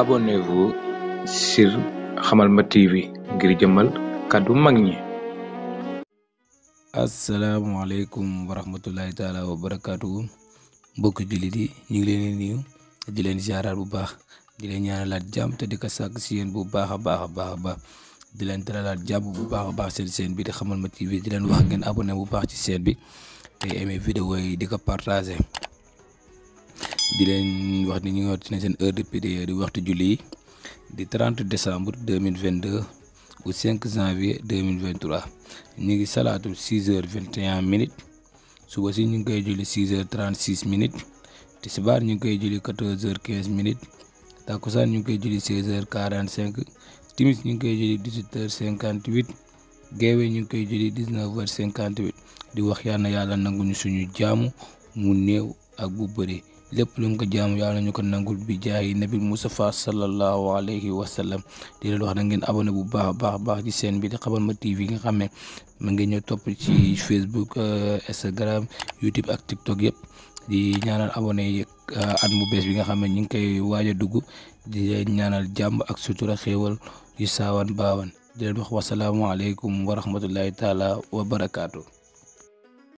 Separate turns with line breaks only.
Abonnez-vous sur Hamalma TV ngir jëmmal
kàddu mag ñi. asalaamualeykum wa rahmatullahi taala wa barakaatu mbokki jullit yi ñu ngi leen di nuyu di leen ziaraat bu baax di leen laat jàmm te di ko sàkk si yéen bu baax a baax a baax di leen dalalaat jàmm bu baax a baax seen seen bi di Hamalma TV di leen wax ngeen abonné bu baax ci seen bi tey amee vidéo yi di ko partagé. di len wax ni ñu ngi wax ci seen heure de pd di waxtu julli di 30 décembre 2022 au 5 janvier 2023 ñi ngi salatu 6h21 minutes suba ci ñu ngi julli 6h36 minutes ci tisbar ñu ngi julli 14h15 minutes takusan ñu ngi julli 16h45 timis ñu ngi julli 18h58 geewe ñu ngi julli 19h58 di wax yalla nangu ñu suñu jaamu mu neew ak bu beuree lépp lu nga ko jaamu yàlla ñu ko nangul bi jaayi nabi Mustafa sallallahu alayhi wa sallam di leen wax na ngeen abonné bu baax baax baax ci seen bi di Xabarma TV nga xam ne ma ngi ñëw topp ci Facebook eh, Instagram YouTube ak TikTok yëpp di ñaanal abonné yi eh, at mu bees bi nga xam ne ñu ngi koy waaj a dugg di leen ñaanal jàmm ak sutura xéewal di saawan baawan di leen wax wasalaamualeykum wa rahmatullahi taala wa barakaatu.